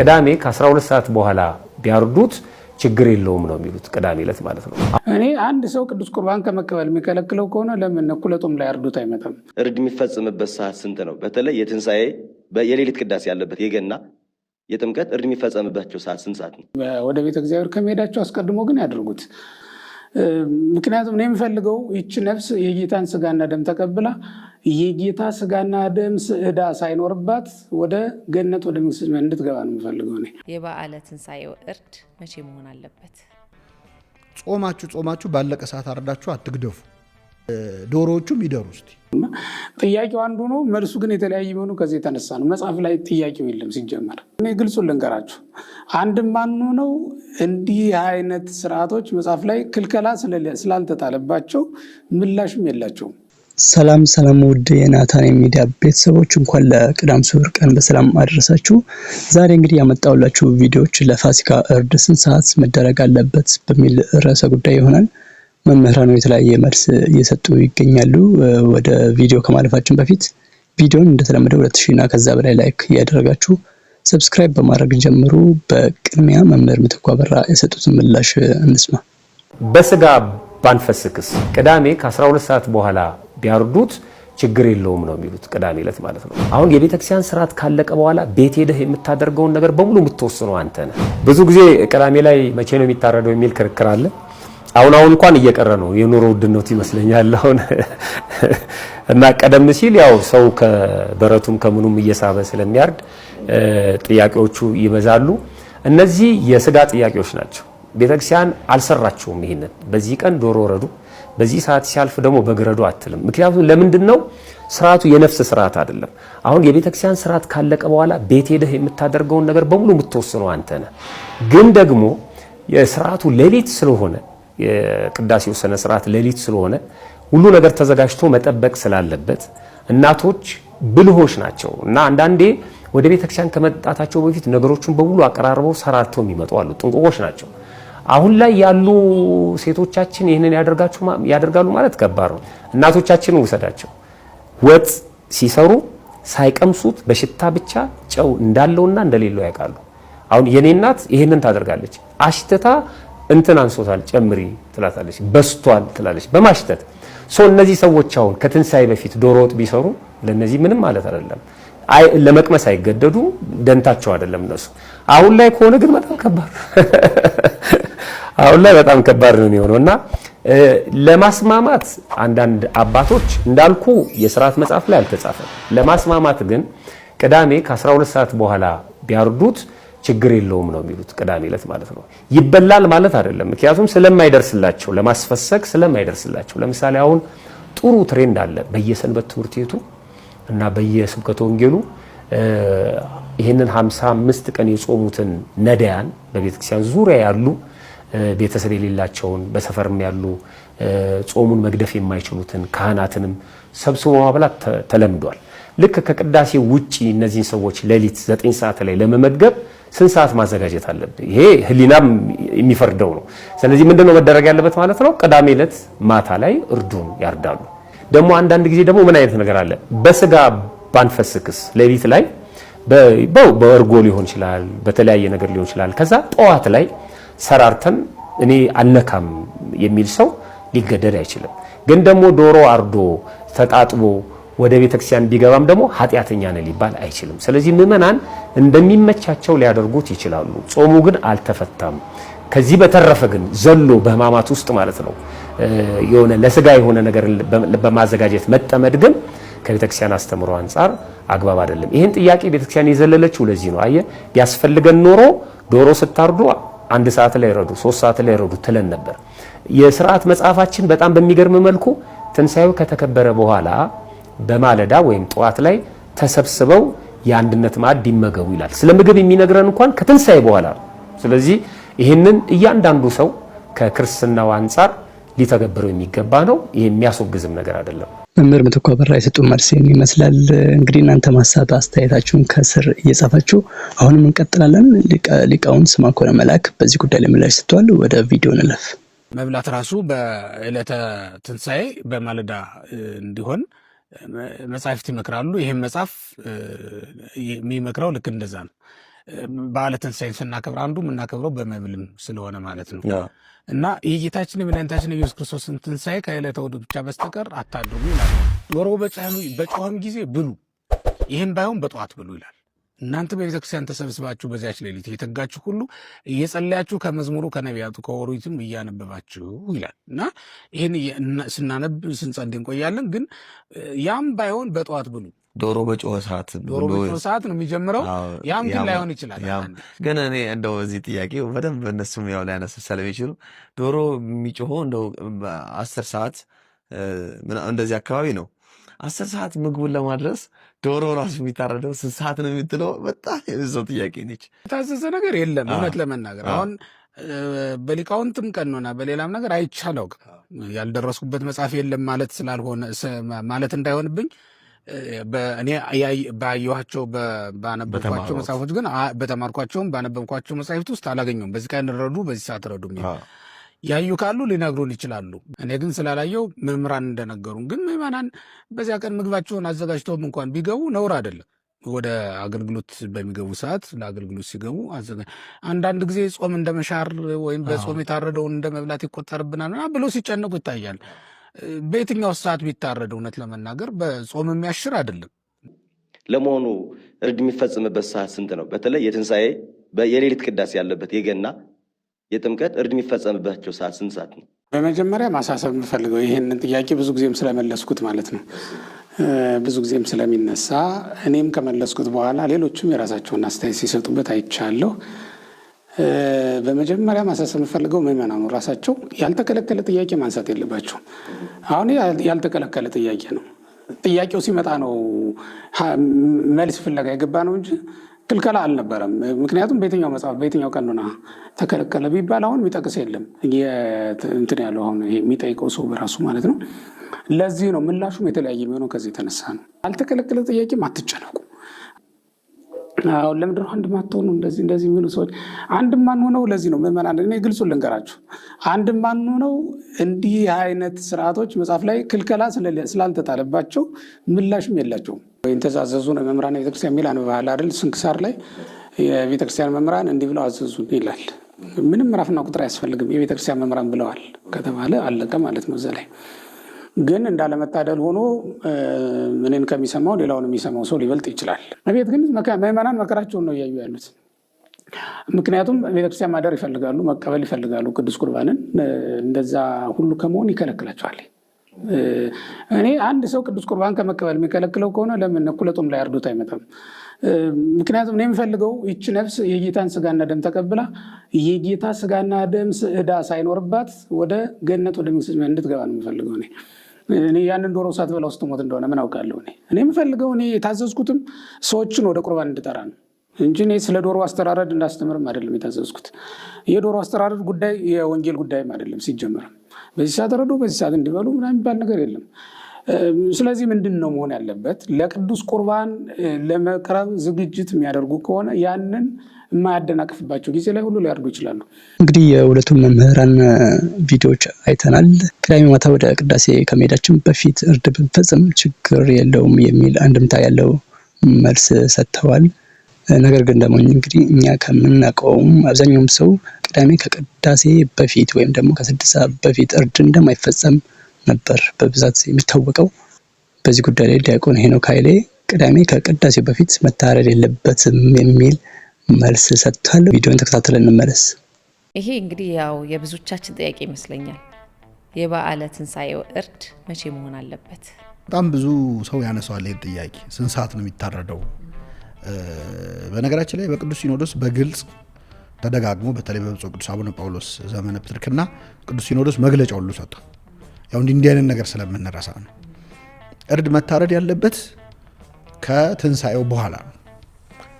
ቅዳሜ ከ12 ሰዓት በኋላ ቢያርዱት ችግር የለውም ነው የሚሉት። ቅዳሜ ዕለት ማለት ነው። እኔ አንድ ሰው ቅዱስ ቁርባን ከመቀበል የሚከለክለው ከሆነ ለምን እኩለ ላይ አርዱት አይመጣም? እርድ የሚፈጽምበት ሰዓት ስንት ነው? በተለይ የትንሣኤ የሌሊት ቅዳሴ ያለበት የገና የጥምቀት እርድ የሚፈጸምባቸው ሰዓት ስንት ሰዓት ነው? ወደ ቤተ እግዚአብሔር ከመሄዳቸው አስቀድሞ ግን ያደርጉት? ምክንያቱም እኔ የምፈልገው ይች ነፍስ የጌታን ስጋና ደም ተቀብላ የጌታ ስጋና ደም ዕዳ ሳይኖርባት ወደ ገነት ወደ መንግሥተ እንድትገባ ነው የምፈልገው። የበዓለ ትንሣኤው እርድ መቼ መሆን አለበት? ጾማችሁ ጾማችሁ ባለቀ ሰዓት አርዳችሁ አትግደፉ። ዶሮዎቹም ይደሩ ስ ጥያቄው አንዱ ነው፣ መልሱ ግን የተለያየ መሆኑ ከዚህ የተነሳ ነው። መጽሐፍ ላይ ጥያቄው የለም ሲጀመር። እኔ ግልጹን ልንገራችሁ፣ አንድም ማኑ ነው እንዲህ አይነት ስርዓቶች መጽሐፍ ላይ ክልከላ ስላልተጣለባቸው ምላሽም የላቸውም። ሰላም ሰላም፣ ውድ የናታን የሚዲያ ቤተሰቦች እንኳን ለቅዳም ስዑር ቀን በሰላም አደረሳችሁ። ዛሬ እንግዲህ ያመጣሁላችሁ ቪዲዮዎች ለፋሲካ እርድ ስንት ሰዓት መደረግ አለበት በሚል ርዕሰ ጉዳይ ይሆናል። መምህራኑ የተለያየ መልስ እየሰጡ ይገኛሉ። ወደ ቪዲዮ ከማለፋችን በፊት ቪዲዮን እንደተለመደ ሁለት ሺህ እና ከዛ በላይ ላይክ እያደረጋችሁ ሰብስክራይብ በማድረግ ጀምሩ። በቅድሚያ መምህር ምትኩ አበራ የሰጡትን ምላሽ እንስማ። በስጋ ባንፈስክስ ቅዳሜ ከ12 ሰዓት በኋላ ቢያርዱት ችግር የለውም ነው የሚሉት። ቅዳሜ ዕለት ማለት ነው። አሁን የቤተክርስቲያን ስርዓት ካለቀ በኋላ ቤት ሄደህ የምታደርገውን ነገር በሙሉ የምትወስነው አንተ ነህ። ብዙ ጊዜ ቅዳሜ ላይ መቼ ነው የሚታረደው የሚል ክርክር አለ። አሁን አሁን እንኳን እየቀረ ነው የኑሮ ውድነት ይመስለኛል። አሁን እና ቀደም ሲል ያው ሰው ከበረቱም ከምኑም እየሳበ ስለሚያርድ ጥያቄዎቹ ይበዛሉ። እነዚህ የስጋ ጥያቄዎች ናቸው። ቤተክርስቲያን አልሰራችሁም። ይህንን በዚህ ቀን ዶሮ ወረዱ፣ በዚህ ሰዓት ሲያልፍ ደግሞ በግረዱ አትልም። ምክንያቱም ለምንድን ነው ስርዓቱ የነፍስ ስርዓት አይደለም። አሁን የቤተክርስቲያን ስርዓት ካለቀ በኋላ ቤት ሄደህ የምታደርገውን ነገር በሙሉ የምትወስነው አንተ ነህ። ግን ደግሞ የስርዓቱ ሌሊት ስለሆነ የቅዳሴው ስነ ስርዓት ሌሊት ስለሆነ ሁሉ ነገር ተዘጋጅቶ መጠበቅ ስላለበት እናቶች ብልሆች ናቸው እና አንዳንዴ ወደ ቤተክርስቲያን ከመጣታቸው በፊት ነገሮችን በሙሉ አቀራርበው ሰራርተው የሚመጡ አሉ። ጥንቁቆች ናቸው። አሁን ላይ ያሉ ሴቶቻችን ይህንን ያደርጋሉ ማለት ከባድ ነው። እናቶቻችንን ውሰዳቸው። ወጥ ሲሰሩ ሳይቀምሱት በሽታ ብቻ ጨው እንዳለውና እንደሌለው ያውቃሉ። አሁን የኔ እናት ይህንን ታደርጋለች። አሽትታ እንትን አንሶታል ጨምሪ ትላታለች፣ በስቷል ትላለች በማሽተት ሶ እነዚህ ሰዎች አሁን ከትንሳኤ በፊት ዶሮ ወጥ ቢሰሩ ለነዚህ ምንም ማለት አይደለም። ለመቅመስ አይገደዱ ደንታቸው አይደለም እነሱ። አሁን ላይ ከሆነ ግን በጣም ከባድ አሁን ላይ በጣም ከባድ ነው የሚሆነው እና ለማስማማት አንዳንድ አባቶች እንዳልኩ የስርዓት መጽሐፍ ላይ አልተጻፈም። ለማስማማት ግን ቅዳሜ ከ12 ሰዓት በኋላ ቢያርዱት ችግር የለውም ነው የሚሉት። ቅዳሜ ዕለት ማለት ነው። ይበላል ማለት አይደለም፣ ምክንያቱም ስለማይደርስላቸው ለማስፈሰግ ስለማይደርስላቸው። ለምሳሌ አሁን ጥሩ ትሬንድ አለ በየሰንበት ትምህርት ቤቱ እና በየስብከተ ወንጌሉ ይህንን 55 ቀን የጾሙትን ነዳያን በቤተክርስቲያን ዙሪያ ያሉ ቤተሰብ የሌላቸውን በሰፈርም ያሉ ጾሙን መግደፍ የማይችሉትን ካህናትንም ሰብስቦ ማብላት ተለምዷል። ልክ ከቅዳሴ ውጪ እነዚህን ሰዎች ሌሊት ዘጠኝ ሰዓት ላይ ለመመገብ ስንት ሰዓት ማዘጋጀት አለብን? ይሄ ህሊናም የሚፈርደው ነው። ስለዚህ ምንድነው መደረግ ያለበት ማለት ነው? ቅዳሜ ዕለት ማታ ላይ እርዱን ያርዳሉ። ደግሞ አንዳንድ ጊዜ ደግሞ ምን አይነት ነገር አለ? በስጋ ባንፈስክስ ሌሊት ላይ በእርጎ ሊሆን ይችላል፣ በተለያየ ነገር ሊሆን ይችላል። ከዛ ጠዋት ላይ ሰራርተን እኔ አልነካም የሚል ሰው ሊገደድ አይችልም። ግን ደግሞ ዶሮ አርዶ ተጣጥቦ ወደ ቤተክርስቲያን ቢገባም ደግሞ ኃጢአተኛ ነው ሊባል አይችልም። ስለዚህ ምእመናን እንደሚመቻቸው ሊያደርጉት ይችላሉ። ጾሙ ግን አልተፈታም። ከዚህ በተረፈ ግን ዘሎ በሕማማት ውስጥ ማለት ነው የሆነ ለስጋ የሆነ ነገር በማዘጋጀት መጠመድ ግን ከቤተክርስቲያን አስተምሮ አንጻር አግባብ አይደለም። ይህን ጥያቄ ቤተክርስቲያን የዘለለችው ለዚህ ነው። አየ ቢያስፈልገን ኖሮ ዶሮ ስታርዱ አንድ ሰዓት ላይ ረዱ፣ ሶስት ሰዓት ላይ ረዱ ትለን ነበር። የስርዓት መጽሐፋችን በጣም በሚገርም መልኩ ትንሣኤው ከተከበረ በኋላ በማለዳ ወይም ጠዋት ላይ ተሰብስበው የአንድነት ማዕድ ይመገቡ ይላል። ስለ ምግብ የሚነግረን እንኳን ከትንሣኤ በኋላ ነው። ስለዚህ ይህንን እያንዳንዱ ሰው ከክርስትናው አንጻር ሊተገብረው የሚገባ ነው። ይህ የሚያስወግዝም ነገር አይደለም። መምህር ምትኩ አበራ የሰጡ መልስ ይመስላል። እንግዲህ እናንተ ማሳብ አስተያየታችሁን ከስር እየጻፋችሁ አሁንም እንቀጥላለን። ሊቃውን ስምዐኮነ መልአክ በዚህ ጉዳይ ላይ ምላሽ ሰጥተዋል። ወደ ቪዲዮ ንለፍ። መብላት ራሱ በዕለተ ትንሣኤ በማለዳ እንዲሆን መጽሐፍት ይመክራሉ። ይህም መጽሐፍ የሚመክረው ልክ እንደዛ ነው። በዓለ ትንሣኤን ስናከብር አንዱ የምናከብረው በመብልም ስለሆነ ማለት ነው እና የጌታችን የመድኃኒታችን ኢየሱስ ክርስቶስን ትንሣኤ ከዕለተ እሑድ ብቻ በስተቀር አታድሩ ይላል። ዶሮ በጮኸም ጊዜ ብሉ፣ ይህም ባይሆን በጠዋት ብሉ ይላል። እናንተ በቤተ ክርስቲያን ተሰብስባችሁ በዚያች ሌሊት እየተጋችሁ ሁሉ እየጸለያችሁ ከመዝሙሩ ከነቢያቱ ከኦሪትም እያነበባችሁ ይላል እና ይህን ስናነብ ስንጸልይ እንቆያለን። ግን ያም ባይሆን በጠዋት ብሉ። ዶሮ በጮኸ ሰዓት ዶሮ በጮኸ ሰዓት ነው የሚጀምረው። ያም ግን ላይሆን ይችላል። ግን እኔ እንደው እዚህ ጥያቄ በደንብ እነሱም ያው ሊያነሱ ስለሚችሉ ዶሮ የሚጮኸው እንደው አስር ሰዓት እንደዚህ አካባቢ ነው አስር ሰዓት ምግቡን ለማድረስ ዶሮ ራሱ የሚታረደው ስንት ሰዓት ነው የምትለው በጣም የብዛው ጥያቄ ነች። የታዘዘ ነገር የለም። እውነት ለመናገር አሁን በሊቃውንትም ቀኖና በሌላም ነገር አይቻለው ያልደረስኩበት መጽሐፍ የለም ማለት ስላልሆነ ማለት እንዳይሆንብኝ እኔ ባየኋቸው ባነበብኳቸው መጽሐፎች ግን በተማርኳቸውም ባነበብኳቸው መጽሐፍት ውስጥ አላገኘውም። በዚህ ቀን ረዱ፣ በዚህ ሰዓት ረዱ ያዩ ካሉ ሊነግሩን ይችላሉ። እኔ ግን ስላላየው መምህራን እንደነገሩን ግን ምዕመናን በዚያ ቀን ምግባቸውን አዘጋጅተውም እንኳን ቢገቡ ነውር አይደለም። ወደ አገልግሎት በሚገቡ ሰዓት ለአገልግሎት ሲገቡ አዘጋ አንዳንድ ጊዜ ጾም እንደ መሻር ወይም በጾም የታረደውን እንደ መብላት ይቆጠርብናል ብሎ ሲጨነቁ ይታያል። በየትኛው ሰዓት ቢታረድ እውነት ለመናገር በጾም የሚያሽር አይደለም። ለመሆኑ እርድ የሚፈጽምበት ሰዓት ስንት ነው? በተለይ የትንሣኤ የሌሊት ቅዳሴ ያለበት የገና የጥምቀት እርድ የሚፈጸምባቸው ሰዓት ስንት ሰዓት ነው? በመጀመሪያ ማሳሰብ የምፈልገው ይህንን ጥያቄ ብዙ ጊዜም ስለመለስኩት ማለት ነው ብዙ ጊዜም ስለሚነሳ እኔም ከመለስኩት በኋላ ሌሎችም የራሳቸውን አስተያየት ሲሰጡበት አይቻለሁ። በመጀመሪያ ማሳሰብ የምፈልገው ምዕመናኑ ራሳቸው ያልተከለከለ ጥያቄ ማንሳት የለባቸውም። አሁን ያልተከለከለ ጥያቄ ነው። ጥያቄው ሲመጣ ነው መልስ ፍለጋ የገባ ነው እንጂ ክልከላ አልነበረም። ምክንያቱም በየትኛው መጽሐፍ በየትኛው ቀኖና ተከለከለ ቢባል አሁን የሚጠቅስ የለም እንትን ያለው አሁን የሚጠይቀው ሰው በራሱ ማለት ነው። ለዚህ ነው ምላሹም የተለያየ የሚሆነው ከዚህ የተነሳ ነው። አልተከለከለ ጥያቄም አትጨነቁ። አሁን ለምድር ነው አንድ ማትሆኑ? እንደዚህ እንደዚህ የሚሉ ሰዎች አንድ ሆነው ለዚህ ነው ምዕመናን፣ እኔ ግልጹ ልንገራችሁ፣ አንድ ሆነው እንዲህ አይነት ስርዓቶች መጽሐፍ ላይ ክልከላ ስላልተጣለባቸው ምላሽም የላቸውም። ወይም ተዛዘዙ ነው መምህራን ቤተክርስቲያን የሚል አንባል አይደል? ስንክሳር ላይ የቤተክርስቲያን መምህራን እንዲህ ብለው አዘዙ ይላል። ምንም ምዕራፍና ቁጥር አያስፈልግም። የቤተክርስቲያን መምህራን ብለዋል ከተባለ አለቀ ማለት ነው እዛ ላይ ግን እንዳለመታደል ሆኖ እኔን ከሚሰማው ሌላውን የሚሰማው ሰው ሊበልጥ ይችላል። ቤት ግን ምዕመናን መከራቸውን ነው እያዩ ያሉት። ምክንያቱም ቤተክርስቲያን ማደር ይፈልጋሉ፣ መቀበል ይፈልጋሉ ቅዱስ ቁርባንን። እንደዛ ሁሉ ከመሆን ይከለክላቸዋል። እኔ አንድ ሰው ቅዱስ ቁርባን ከመቀበል የሚከለክለው ከሆነ ለምን እኩለ ላይ አርዶት አይመጣም? ምክንያቱም እኔ የምፈልገው ይቺ ነፍስ የጌታን ስጋና ደም ተቀብላ የጌታ ስጋና ደም ዕዳ ሳይኖርባት ወደ ገነት ወደ እንድትገባ ነው የምፈልገው እኔ እኔ ያንን ዶሮ ውስጥ ሞት እንደሆነ ምን አውቃለሁ። እኔ እኔ የምፈልገው እኔ የታዘዝኩትም ሰዎችን ወደ ቁርባን እንድጠራ ነው እንጂ እኔ ስለ ዶሮ አስተራረድ እንዳስተምርም አይደለም የታዘዝኩት። የዶሮ አስተራረድ ጉዳይ የወንጌል ጉዳይም አይደለም ሲጀመርም። በዚህ ሰዓት ረዶ በዚህ ሰዓት እንዲበሉ ምናምን የሚባል ነገር የለም። ስለዚህ ምንድን ነው መሆን ያለበት? ለቅዱስ ቁርባን ለመቅረብ ዝግጅት የሚያደርጉ ከሆነ ያንን የማያደናቅፍባቸው ጊዜ ላይ ሁሉ ሊያደርጉ ይችላሉ። እንግዲህ የሁለቱም መምህራን ቪዲዮዎች አይተናል። ቅዳሜ ማታ ወደ ቅዳሴ ከመሄዳችን በፊት እርድ ብንፈጽም ችግር የለውም የሚል አንድምታ ያለው መልስ ሰጥተዋል። ነገር ግን ደግሞ እንግዲህ እኛ ከምናውቀውም አብዛኛውም ሰው ቅዳሜ ከቅዳሴ በፊት ወይም ደግሞ ከስድስት ሰዓት በፊት እርድ እንደማይፈጸም ነበር በብዛት የሚታወቀው። በዚህ ጉዳይ ላይ ዲያቆን ሄኖክ ኃይሌ ቅዳሜ ከቅዳሴ በፊት መታረድ የለበትም የሚል መልስ ሰጥቷል። ቪዲዮን ተከታትለን እንመለስ። ይሄ እንግዲህ ያው የብዙቻችን ጥያቄ ይመስለኛል። የበዓለ ትንሣኤው እርድ መቼ መሆን አለበት? በጣም ብዙ ሰው ያነሳዋል ይህን ጥያቄ። ስንት ሰዓት ነው የሚታረደው? በነገራችን ላይ በቅዱስ ሲኖዶስ በግልጽ ተደጋግሞ በተለይ በብፁዕ ቅዱስ አቡነ ጳውሎስ ዘመነ ፕትርክና ቅዱስ ሲኖዶስ መግለጫ ሁሉ ሰጥቷል። ያው እንዲህ አይነት ነገር ስለምንረሳ ነው። እርድ መታረድ ያለበት ከትንሣኤው በኋላ ነው።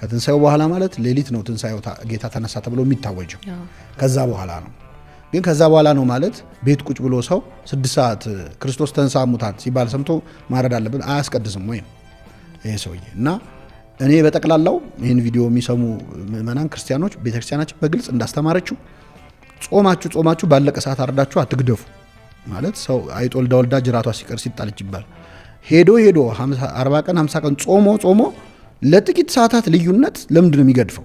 ከትንሣኤው በኋላ ማለት ሌሊት ነው። ትንሣኤው ጌታ ተነሳ ተብሎ የሚታወጀው ከዛ በኋላ ነው። ግን ከዛ በኋላ ነው ማለት ቤት ቁጭ ብሎ ሰው ስድስት ሰዓት ክርስቶስ ተንሳ ሙታን ሲባል ሰምቶ ማረድ አለበት አያስቀድስም ወይም ይሄ ሰውዬ እና እኔ በጠቅላላው ይህን ቪዲዮ የሚሰሙ ምእመናን ክርስቲያኖች ቤተክርስቲያናችን በግልጽ እንዳስተማረችው ጾማችሁ ጾማችሁ ባለቀ ሰዓት አርዳችሁ አትግደፉ። ማለት ሰው አይጦ ወልዳ ወልዳ ጅራቷ ሲቀር ሲጣለች ይባል ሄዶ ሄዶ 40 ቀን 50 ቀን ጾሞ ጾሞ ለጥቂት ሰዓታት ልዩነት ለምንድን ነው የሚገድፈው?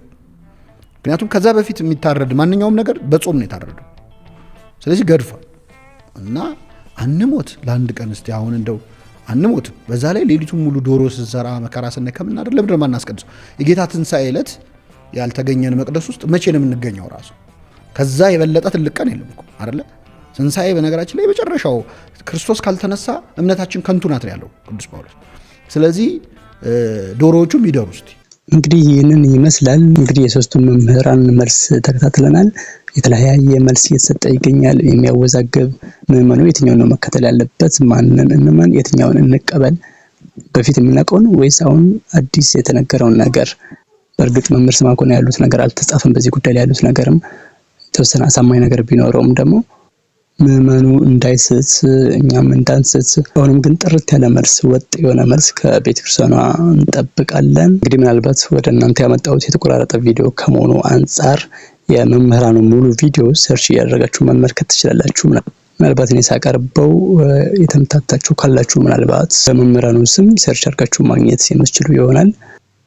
ምክንያቱም ከዛ በፊት የሚታረድ ማንኛውም ነገር በጾም ነው የታረደው። ስለዚህ ገድፏል እና አንሞት ለአንድ ቀን እስቲ አሁን እንደው አንሞት። በዛ ላይ ሌሊቱን ሙሉ ዶሮ ስንሰራ መከራ ስናይ ከምናደር ለምንድን ነው የጌታ ትንሣኤ ዕለት ያልተገኘን መቅደስ ውስጥ መቼ ነው የምንገኘው? ራሱ ከዛ የበለጠ ትልቅ ቀን የለም አይደለ? ትንሣኤ በነገራችን ላይ የመጨረሻው ክርስቶስ ካልተነሳ እምነታችን ከንቱ ናት ያለው ቅዱስ ጳውሎስ። ስለዚህ ዶሮዎቹም ይደሩ እስቲ። እንግዲህ ይህንን ይመስላል። እንግዲህ የሶስቱን መምህራን መልስ ተከታትለናል። የተለያየ መልስ እየተሰጠ ይገኛል። የሚያወዛገብ ምዕመኑ የትኛውን ነው መከተል ያለበት? ማንን እንመን? የትኛውን እንቀበል? በፊት የምናውቀውን ወይስ አሁን አዲስ የተነገረውን ነገር? በእርግጥ መምህር ስማኮን ያሉት ነገር አልተጻፈም። በዚህ ጉዳይ ላይ ያሉት ነገርም የተወሰነ አሳማኝ ነገር ቢኖረውም ደግሞ ምዕመኑ እንዳይስት እኛም እንዳንስት አሁንም ግን ጥርት ያለ መልስ ወጥ የሆነ መልስ ከቤተክርስቲያኗ እንጠብቃለን። እንግዲህ ምናልባት ወደ እናንተ ያመጣሁት የተቆራረጠ ቪዲዮ ከመሆኑ አንጻር የመምህራኑ ሙሉ ቪዲዮ ሰርች እያደረጋችሁ መመልከት ትችላላችሁ። ምናልባት እኔ ሳቀርበው የተምታታችሁ ካላችሁ ምናልባት በመምህራኑ ስም ሰርች አድርጋችሁ ማግኘት የምትችሉ ይሆናል።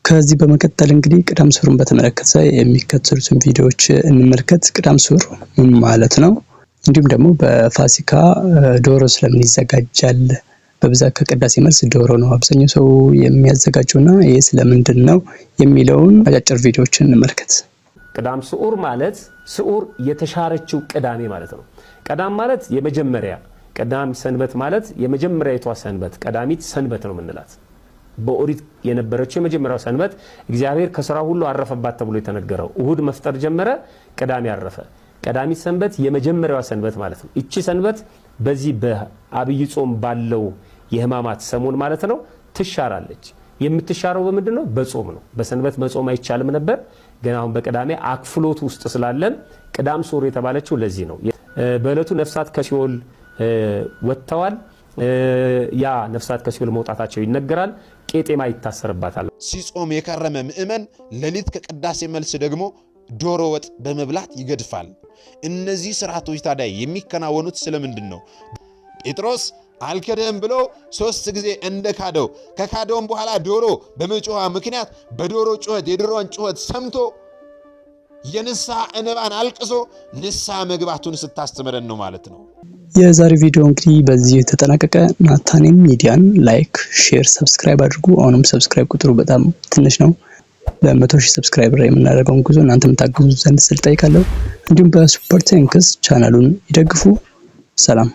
ከዚህ በመቀጠል እንግዲህ ቅዳም ስዑርን በተመለከተ የሚከተሉትን ቪዲዮዎች እንመልከት። ቅዳም ስዑር ምን ማለት ነው? እንዲሁም ደግሞ በፋሲካ ዶሮ ስለምን ይዘጋጃል? በብዛት ከቅዳሴ መልስ ዶሮ ነው አብዛኛው ሰው የሚያዘጋጀው እና ይህ ስለምንድን ነው የሚለውን አጫጭር ቪዲዮዎችን እንመልከት። ቅዳም ስዑር ማለት ስዑር የተሻረችው ቅዳሜ ማለት ነው። ቀዳም ማለት የመጀመሪያ ቀዳም ሰንበት ማለት የመጀመሪያዊቷ ሰንበት ቀዳሚት ሰንበት ነው የምንላት። በኦሪት የነበረችው የመጀመሪያው ሰንበት እግዚአብሔር ከስራ ሁሉ አረፈባት ተብሎ የተነገረው እሁድ መፍጠር ጀመረ፣ ቅዳሜ አረፈ። ቀዳሚት ሰንበት የመጀመሪያዋ ሰንበት ማለት ነው። እቺ ሰንበት በዚህ በአብይ ጾም ባለው የህማማት ሰሞን ማለት ነው ትሻራለች። የምትሻረው በምንድን ነው? በጾም ነው። በሰንበት መጾም አይቻልም ነበር። ግን አሁን በቅዳሜ አክፍሎት ውስጥ ስላለን ቅዳም ሶር የተባለችው ለዚህ ነው። በእለቱ ነፍሳት ከሲኦል ወጥተዋል። ያ ነፍሳት ከሲኦል መውጣታቸው ይነገራል። ቄጤማ ይታሰርባታል። ሲጾም የከረመ ምእመን ሌሊት ከቅዳሴ መልስ ደግሞ ዶሮ ወጥ በመብላት ይገድፋል። እነዚህ ስርዓቶች ታዲያ የሚከናወኑት ስለምንድን ነው? ጴጥሮስ አልከደም ብሎ ሶስት ጊዜ እንደ ካደው ከካደውም በኋላ ዶሮ በመጮኋ ምክንያት በዶሮ ጩኸት የዶሮን ጩኸት ሰምቶ የንስሐ እንባን አልቅሶ ንስሐ መግባቱን ስታስተምረን ነው ማለት ነው። የዛሬ ቪዲዮ እንግዲህ በዚህ የተጠናቀቀ። ናታኔም ሚዲያን ላይክ፣ ሼር፣ ሰብስክራይብ አድርጉ። አሁንም ሰብስክራይብ ቁጥሩ በጣም ትንሽ ነው። ለመቶ ሺህ ሰብስክራይበር የምናደርገውን ጉዞ እናንተም ታግዙ ዘንድ ስል ጠይቃለሁ። እንዲሁም በሱፐር ቻናሉን ይደግፉ። ሰላም